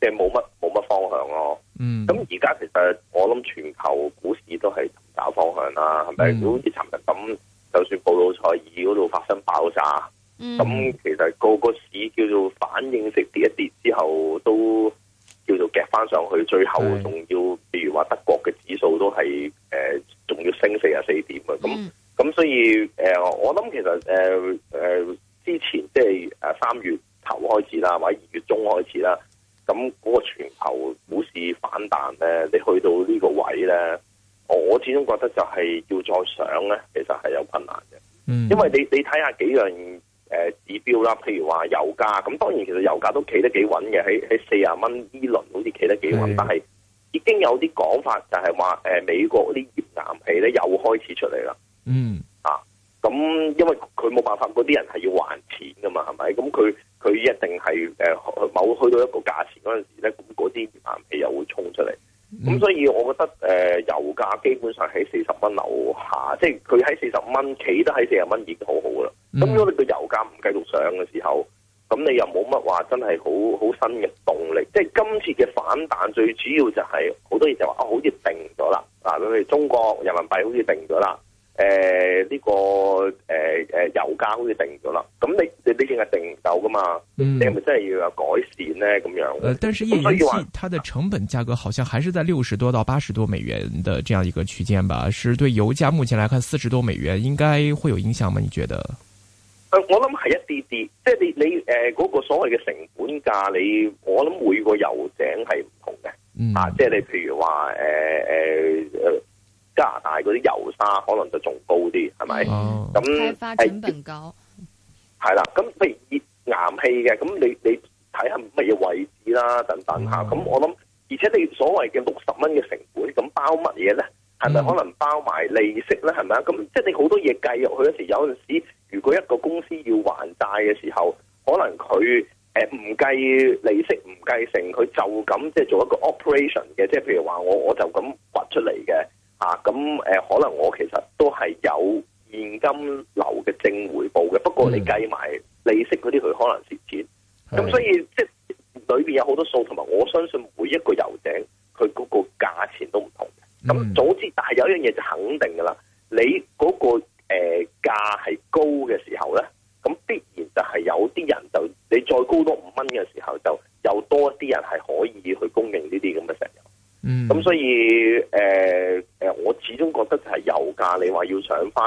即係冇乜冇乜方向咯，咁而家其實我諗全球股市都係尋找方向啦，係咪？好似尋日咁，就算布魯塞爾嗰度發生爆炸，咁、嗯、其實個個市叫做反應式跌一跌之後都叫做夾翻上去，最後仲要譬是如話德國嘅指數都係誒，仲、呃、要升四十四點啊。咁咁、嗯、所以誒、呃，我諗其實誒誒、呃呃、之前即係誒三月頭開始啦，或者二月中開始啦。咁嗰個全球股市反彈咧，你去到呢個位咧，我始終覺得就係要再上咧，其實係有困難嘅。嗯，因為你你睇下幾樣誒指標啦，譬如話油價，咁當然其實油價都企得幾穩嘅，喺喺四啊蚊呢輪好似企得幾穩，是的但係已經有啲講法就係話誒美國啲頁岩氣咧又開始出嚟啦。嗯，啊，咁因為佢冇辦法，嗰啲人係要還錢㗎嘛，係咪？咁佢。佢一定係誒某去到一個價錢嗰陣時咧，咁嗰啲熱氣又會衝出嚟。咁所以我覺得誒、呃、油價基本上喺四十蚊樓下，即係佢喺四十蚊企得喺四十蚊已經好好㗎啦。咁如果你個油價唔繼續上嘅時候，咁你又冇乜話真係好好新嘅動力。即係今次嘅反彈最主要就係好多嘢就話啊，好似定咗啦嗱，譬如中國人民幣好似定咗啦。誒，呢、呃這個誒誒、呃呃、油價好似定咗啦，咁你你你定係定走噶嘛？嗯、你係咪真係要有改善咧？咁樣、呃。但是頁岩氣它的成本價格好像還是在六十多到八十多美元嘅，這樣一個區間吧？是對油價目前來看四十多美元應該會有影響嗎？你覺得？誒、呃，我諗係一啲啲，即係你你誒嗰、呃那個所謂嘅成本價，你我諗每個油井係唔同嘅，嗯、啊，即係你譬如話誒誒。呃呃呃加拿大嗰啲油砂可能就仲高啲，係咪？咁係、嗯，係啦那。咁譬如頁岩氣嘅，咁你你睇下乜嘢位置啦，等等吓。咁、嗯、我諗，而且你所謂嘅六十蚊嘅成本，咁包乜嘢咧？係咪可能包埋利息咧？係咪啊？咁即係你好多嘢計入去嗰時，有陣時如果一個公司要還債嘅時候，可能佢誒唔計利息，唔計成，佢就咁即係做一個 operation 嘅，即、就、係、是、譬如話我我就咁掘出嚟嘅。啊，咁誒、呃，可能我其實都係有現金流嘅正回報嘅，不過你計埋、mm. 利息嗰啲佢可能蝕錢，咁、mm. 所以、mm. 即係裏邊有好多數，同埋我相信每一個油井佢嗰個價錢都唔同嘅，咁總之，但係有一樣嘢就肯定噶啦，你嗰、嗰個誒價係高嘅時候咧，咁必然就係有啲人就你再高多五蚊嘅時候就有多啲人係可以去供應呢啲咁嘅石油，咁、mm. 所以。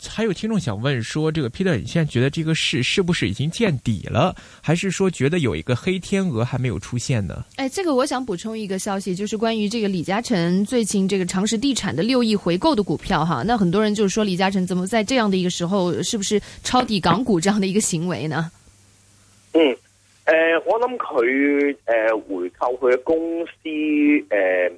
還有聽眾想問說，這個 Peter，你現在覺得這個事是不是已經見底了，還是說覺得有一個黑天鵝還沒有出現呢？哎，這個我想補充一個消息，就是關於這個李嘉誠最近這個長實地產的六億回購的股票哈。那很多人就是說，李嘉誠怎麼在這樣的一個時候，是不是抄底港股這樣的一個行為呢？嗯，誒、呃，我諗佢誒回購佢嘅公司，誒、呃，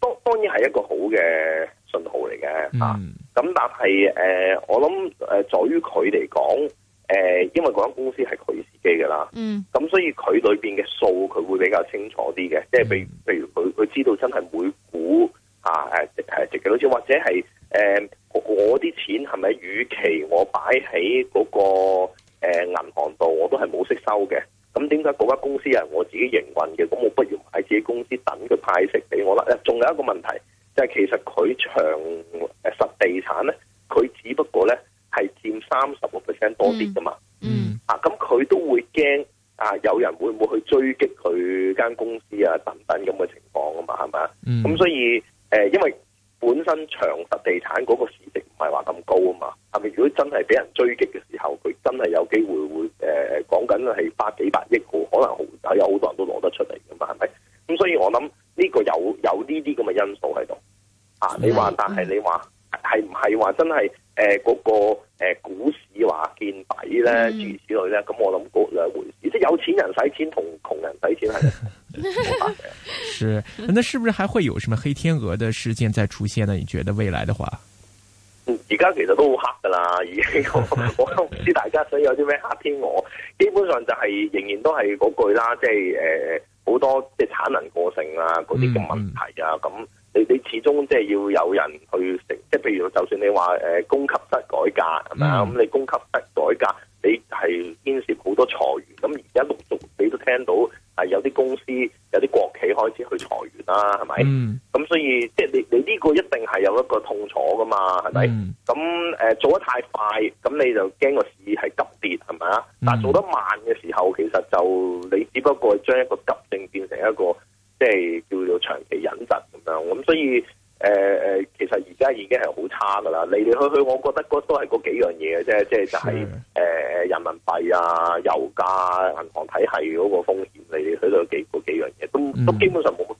當當然係一個好嘅信號嚟嘅，吓、嗯。咁但係誒，我諗誒，在於佢嚟講，誒，因為嗰間公司係佢自己嘅啦，嗯，咁所以佢裏邊嘅數佢會比較清楚啲嘅，即係譬如譬如佢佢知道真係每股嚇誒誒值幾多錢，或者係誒、啊、我啲錢係咪與其我擺喺嗰、嗰個誒、啊、銀行度，我都係冇息收嘅，咁點解嗰間公司係我自己營運嘅，咁我不如喺自己公司等佢派息俾我啦？仲有一個問題。即係其實佢長誒實地產咧，佢只不過咧係佔三十個 percent 多啲噶嘛，嗯、mm. mm. 啊，咁佢都會驚啊，有人會唔會去追擊佢間公司啊等等咁嘅情況啊嘛，係咪啊？咁、mm. 嗯、所以誒、呃，因為本身長實地產嗰個市值唔係話咁高啊嘛，係咪？如果真係俾人追擊嘅時候，佢真係有機會會誒講緊係百幾百億，可能有好多人都攞得出嚟噶嘛，係咪？咁、嗯、所以我諗。呢個有有呢啲咁嘅因素喺度啊！你話，但係你話係唔係話真係誒嗰個誒、呃、股市話、啊、見底咧、嗯、諸如此類咧？咁我諗嗰兩回事，即係有錢人使錢同窮人使錢係冇辦法嘅。 是，那是不是還會有什麼黑天鵝的事件再出現呢？你覺得未來的話，而家其實都好黑噶啦，我都唔知大家想有啲咩黑天鵝，基本上就係、是、仍然都係嗰句啦，即係誒。呃好多即係產能過剩啊，嗰啲嘅問題啊，咁、嗯、你你始終即係要有人去成，即係譬如就算你話誒、呃、供給側改革係咪啊？咁、嗯嗯、你供給側改革，你係牽涉好多裁員。咁而家陸續你都聽到係、啊、有啲公司、有啲國企開始去裁員啦，係咪？咁、嗯、所以即係你你呢個一定係有一個痛楚噶嘛，係咪？咁誒、嗯呃、做得太快，咁你就驚個市係急跌係咪啊？嗯、但係做得慢嘅時候，其實就你只不過將一個一個即係叫做長期隱疾，咁樣，咁所以誒誒、呃，其實而家已經係好差噶啦，嚟嚟去去，我覺得都係嗰幾樣嘢嘅啫，即係就係、是、誒的、呃、人民幣啊、油價、銀行體系嗰個風險，你哋去到幾嗰幾樣嘢，咁都，都基本上冇。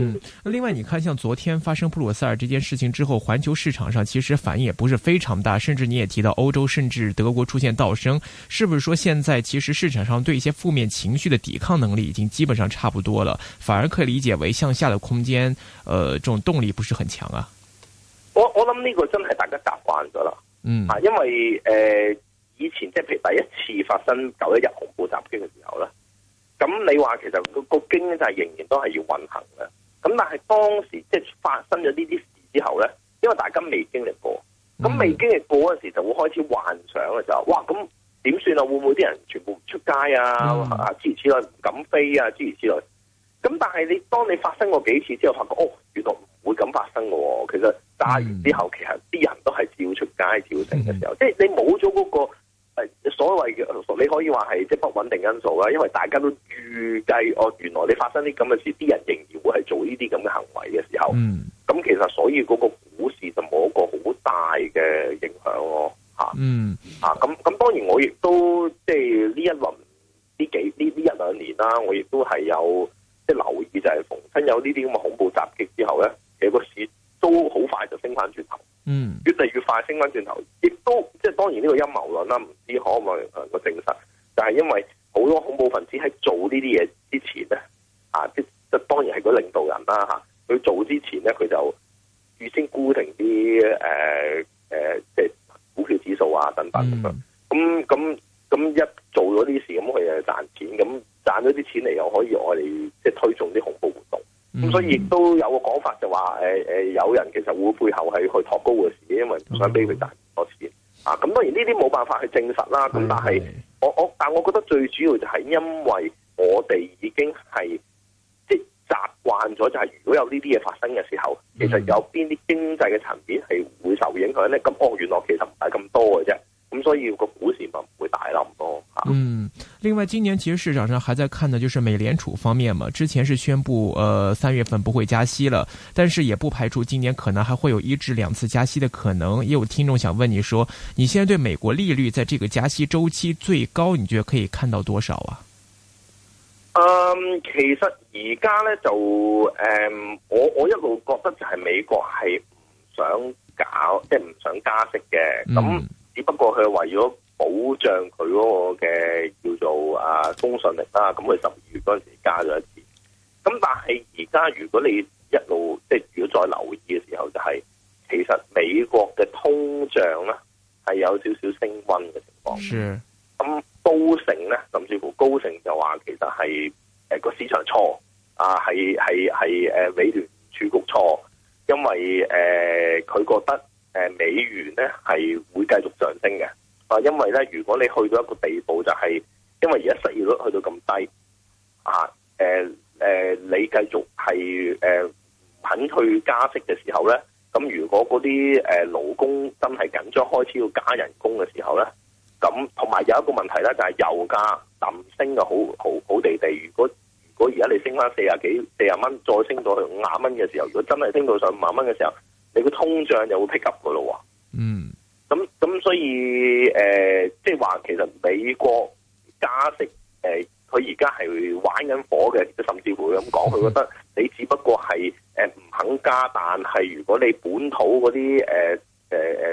嗯，另外，你看，像昨天發生布魯塞爾這件事情之後，環球市場上其實反應也不是非常大，甚至你也提到歐洲甚至德國出現倒升，是不是說現在其實市場上對一些負面情緒的抵抗能力已經基本上差不多了，反而可以理解為向下的空間，呃，這種動力不是很強啊？我我諗呢個真係大家習慣咗啦，嗯，啊，因為誒、呃、以前即係譬如第一次發生九一日恐怖襲擊嘅時候咧，咁你話其實個個經濟仍然都係要運行嘅。咁但係當時即係發生咗呢啲事之後咧，因為大家未經歷過，咁未經歷過嗰陣時候就會開始幻想嘅時候，哇！咁點算啊？會唔會啲人全部唔出街啊？啊，諸如此類，唔敢飛啊，諸如此類。咁但係你當你發生過幾次之後，發覺哦，原來唔會咁發生嘅喎、哦。其實炸完之後，嗯、其實啲人都係照出街照成嘅時候，嗯、即係你冇咗嗰個。誒，所謂嘅你可以話係即係不穩定因素啦，因為大家都預計哦，原來你發生啲咁嘅事，啲人仍然會係做呢啲咁嘅行為嘅時候，咁、嗯、其實所以嗰個股市就冇一個好大嘅影響咯，吓、啊，吓、嗯，咁咁、啊、當然我亦都即係呢一輪呢幾呢呢一兩年啦、啊，我亦都係有即係、就是、留意就係逢親有呢啲咁嘅恐怖襲擊之後咧，其實個市都好快就升翻轉頭。嗯，越嚟越快升翻轉頭，亦都即係當然呢個陰謀論啦，唔知可唔可以誒個證實？但係因為好多恐怖分子喺做呢啲嘢之前咧，啊，即係當然係個領導人啦吓，佢、啊、做之前咧佢就預先估定啲誒誒，即係股票指數啊等等咁咁咁，一做咗啲事，咁佢就賺錢，咁賺咗啲錢嚟又可以用我哋即係推動啲恐怖活動。咁、嗯、所以亦都有個講法就話誒誒有人其實會背後係去托高個市，因為唔想俾佢賺多錢啊！咁當然呢啲冇辦法去證實啦。咁的但係我我但係我覺得最主要就係因為我哋已經係即係習慣咗，就係如果有呢啲嘢發生嘅時候，其實有邊啲經濟嘅層面係會受影響咧？咁、啊、哦原來其實唔係咁多嘅啫。咁所以個股市咪會大咁多，嗯，另外今年其實市場上還在看的，就是美聯儲方面嘛。之前是宣布，呃，三月份不會加息了，但是也不排除今年可能還會有一至兩次加息的可能。也有聽眾想問你說，你現在對美國利率在這個加息週期最高，你覺得可以看到多少啊？嗯，其實而家呢，就，誒、嗯、我我一路覺得就係美國係唔想搞，即係唔想加息嘅咁。只不過佢為咗保障佢嗰個嘅叫做啊公信力啦，咁佢十二月嗰陣時加咗一次。咁但係而家如果你一路即係如果再留意嘅時候，就是，就係其實美國嘅通脹咧係有少少升溫嘅情況。咁的高盛咧，甚至乎高盛就話其實係誒個市場錯啊，係係係誒美聯儲局錯，因為誒佢、呃、覺得。誒，美元咧係會繼續上升嘅，啊，因為咧如果你去到一個地步就係、是，因為而家失業率去到咁低，誒、啊、誒、啊啊，你繼續係誒、啊、肯去加息嘅時候咧，咁如果嗰啲誒勞工真係緊張，開始要加人工嘅時候咧，咁同埋有一個問題咧就係、是、油價，氹升啊，好好好地地，如果如果而家你升翻四十幾四十蚊，再升到去五十蚊嘅時候，如果真係升到上五十蚊嘅時候。你個通脹又會 pick up 噶咯？嗯，咁咁所以誒，即係話其實美國加息誒，佢而家係玩緊火嘅，甚至乎咁講，佢覺得你只不過係誒唔肯加，但係如果你本土嗰啲誒誒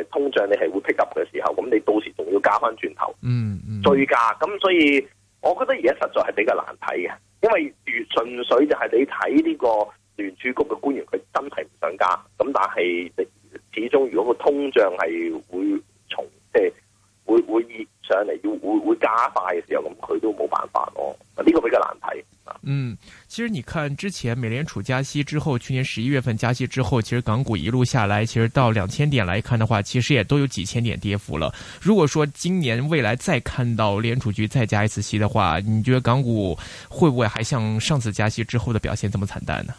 誒通脹你係會 pick up 嘅時候，咁你到時仲要加翻轉頭，嗯嗯追加。咁所以我覺得而家實在係比較難睇嘅，因為純粹就係你睇呢個。聯儲局嘅官員佢真係唔想加，咁但係始終如果個通脹係會從即係會會熱上嚟，要會會加快嘅時候，咁佢都冇辦法咯。呢個比較難睇。嗯，其實你看之前美聯儲加息之後，去年十一月份加息之後，其實港股一路下來，其實到兩千點來看的話，其實也都有幾千點跌幅了。如果說今年未來再看到聯儲局再加一次息的話，你覺得港股會不會還像上次加息之後的表現咁慘淡呢？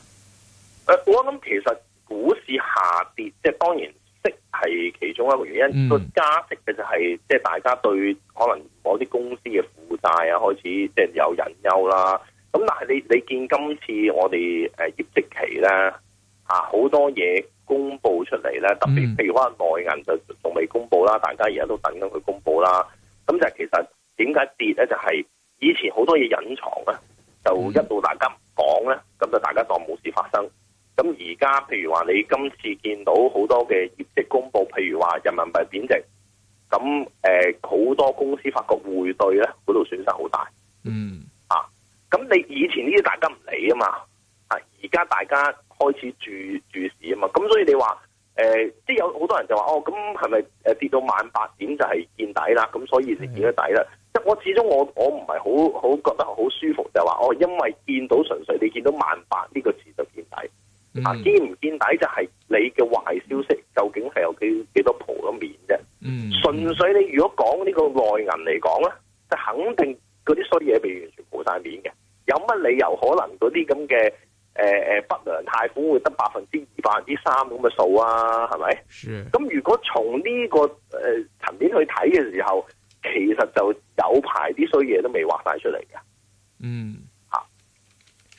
誒，我諗其實股市下跌，即係當然息係其中一個原因。個、嗯、加息嘅就係，即係大家對可能嗰啲公司嘅負債啊，開始即係有隱憂啦。咁但係你你見今次我哋誒業績期咧，啊好多嘢公布出嚟咧，特別譬如話內銀就仲未公布啦，大家而家都等緊佢公布啦。咁就其實點解跌咧？就係、是、以前好多嘢隱藏咧，就一到大家唔講咧，咁就大家當冇事發生。咁而家譬如話你今次見到好多嘅業績公布，譬如話人民幣貶值，咁誒好多公司發覺匯兌咧嗰度損失好大。嗯、mm. 啊，啊，咁你以前呢啲大家唔理啊嘛，啊而家大家開始注注視啊嘛，咁所以你話誒、呃，即係有好多人就話哦，咁係咪誒跌到萬八點就係見底啦？咁所以你見咗底啦？即係、mm. 我始終我我唔係好好覺得好舒服就話哦，因為見到純粹你見到萬。啊，嗯、見唔見底就係你嘅壞消息，究竟係有幾幾多鋪咗面啫、嗯？嗯，純粹你如果講呢個內銀嚟講咧，就肯定嗰啲衰嘢未完全鋪晒面嘅，有乜理由可能嗰啲咁嘅誒誒不良貸款會得百分之二、百分之三咁嘅數啊？係咪？是。咁如果從呢、這個誒層、呃、面去睇嘅時候，其實就有排啲衰嘢都未畫晒出嚟嘅。嗯。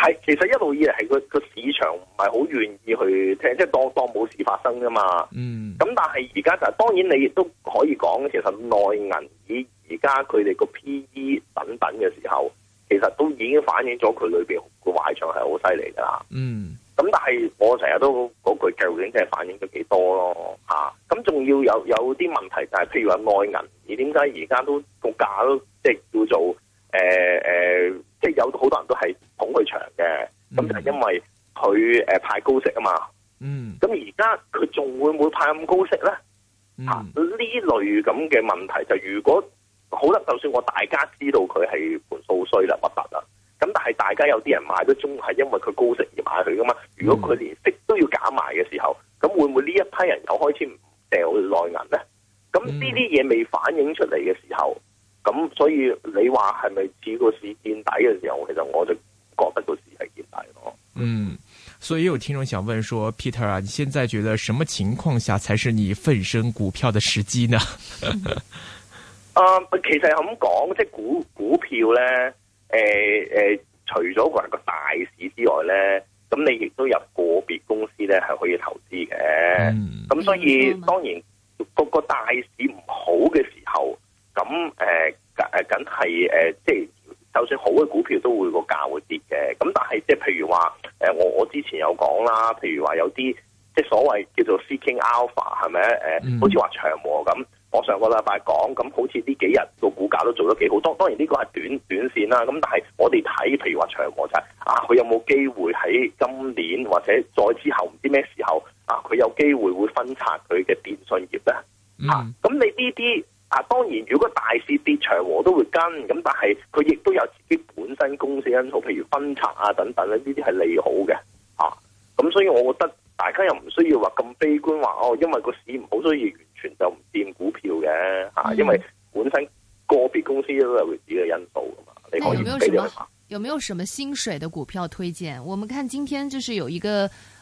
係，其實一路以嚟係個個市場唔係好願意去聽，即係當當冇事發生噶嘛。嗯。咁但係而家就係，當然你亦都可以講，其實內銀以而家佢哋個 P E 等等嘅時候，其實都已經反映咗佢裏邊個壞賬係好犀利噶啦。嗯。咁但係我成日都嗰句，究竟真係反映咗幾多咯？吓、啊，咁仲要有有啲問題、就是，就係譬如話內銀，點解而家都股價都即係叫做誒誒。呃呃即係有好多人都係捧佢場嘅，咁就係因為佢誒派高息啊嘛。嗯，咁而家佢仲會唔會派咁高息咧？啊，呢、嗯、類咁嘅問題就如果好啦，就算我大家知道佢係盤數衰啦、核突啦，咁但係大家有啲人買都中係因為佢高息而買佢噶嘛。如果佢連息都要減埋嘅時候，咁、嗯、會唔會呢一批人有開始掉內銀咧？咁呢啲嘢未反映出嚟嘅時候。嗯嗯咁所以你話係咪指個市見底嘅時候，其實我就覺得個市係見底咯。嗯，所以有聽眾想問說，Peter 啊，你現在覺得什麼情況下才是你奮身股票嘅時機呢？ 啊，其實咁講，即係股股票咧，誒、呃、誒、呃，除咗話個大市之外咧，咁你亦都有個別公司咧係可以投資嘅。咁、嗯、所以、嗯、當然。即係好嘅股票都會個價會跌嘅，咁但係即係譬如話，誒我我之前有講啦，譬如話有啲即係所謂叫做 seeking alpha 係咪？誒，好似話長和咁，我上個禮拜講，咁好似呢幾日個股價都做得幾好，當當然呢個係短短線啦。咁但係我哋睇，譬如話長和就係啊，佢有冇機會喺今年或者再之後唔知咩時候啊，佢有機會會分拆佢嘅電信業咧？Mm. 啊，咁你呢啲？啊，當然，如果大市跌長，我都會跟，咁但係佢亦都有自己本身公司因素，譬如分拆啊等等咧，呢啲係利好嘅吓，咁所以，我覺得大家又唔需要話咁悲觀，話哦，因為個市唔好，所以完全就唔掂股票嘅吓，因為本身個別公司都有自己嘅因素噶嘛。嗯、你講有沒有什麼、嗯、有冇，有什麼薪水嘅股票推薦？我們看今天就是有一個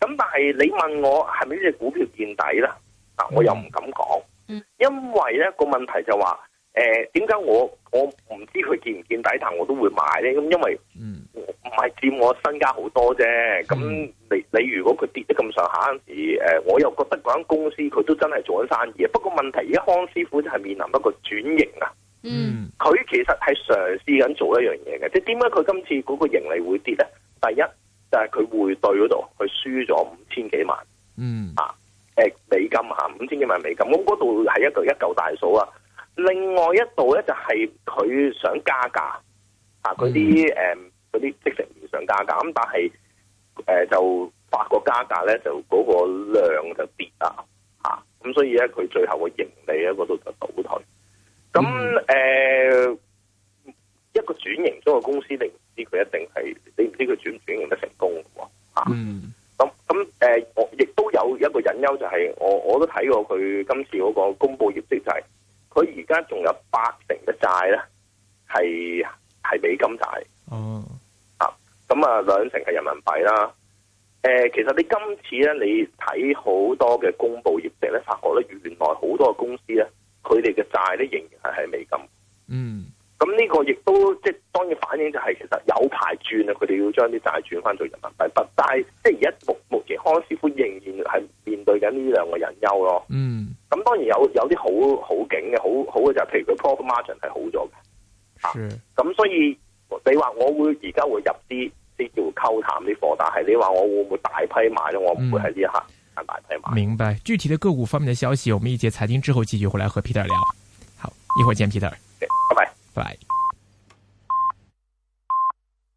咁但係你問我係咪呢隻股票見底啦？嗱，我又唔敢講，因為咧個問題就話、是，誒、呃，點解我我唔知佢見唔見底，但我都會買咧？咁因為唔係佔我身家好多啫。咁你你如果佢跌得咁上下陣時，誒、呃，我又覺得嗰間公司佢都真係做緊生意啊。不過問題而家康師傅真係面臨一個轉型啊。嗯，佢其實係嘗試緊做一樣嘢嘅，即係點解佢今次嗰個盈利會跌咧？第一。就係佢匯兌嗰度，佢輸咗五千幾萬，嗯、mm. 啊，誒、呃、美金吓，五千幾萬美金，咁嗰度係一個一舊大數啊。另外一度咧就係佢想加價，啊，嗰啲誒嗰啲即食唔想加價，咁但係誒、呃、就發覺加價咧，就嗰個量就跌了啊，吓，咁所以咧佢最後個盈利喺嗰度就倒退。咁誒、mm. 呃、一個轉型咗嘅公司定？知佢一定係，你唔知佢轉唔轉型得成功喎，嗯、啊，咁咁、mm.，誒、呃，我亦都有一個隱憂、就是，就係我我都睇過佢今次嗰個公佈業績就係、是，佢而家仲有八成嘅債咧，係係美金債，oh. 啊，咁啊兩成係人民幣啦，誒、呃，其實你今次咧，你睇好多嘅公佈業績咧，發覺咧原來好多嘅公司咧，佢哋嘅債咧仍然係美金，嗯。Mm. 呢就係其實有排轉啊，佢哋要將啲債轉翻做人民幣，但係即係而家目目前康師傅仍然係面對緊呢兩個隱憂咯。嗯，咁當然有有啲好好景嘅，好好嘅就係、是、譬如佢 profit margin 係好咗嘅。是，咁、啊、所以你話我會而家會入啲啲叫溝淡啲貨，但係你話我會唔會大批買咧？我唔會喺呢一刻大批買。嗯、明白。具體嘅個股方面嘅消息，我們一節財經之後繼續回來和 Peter 聊。好，一會見 Peter。拜拜，拜拜。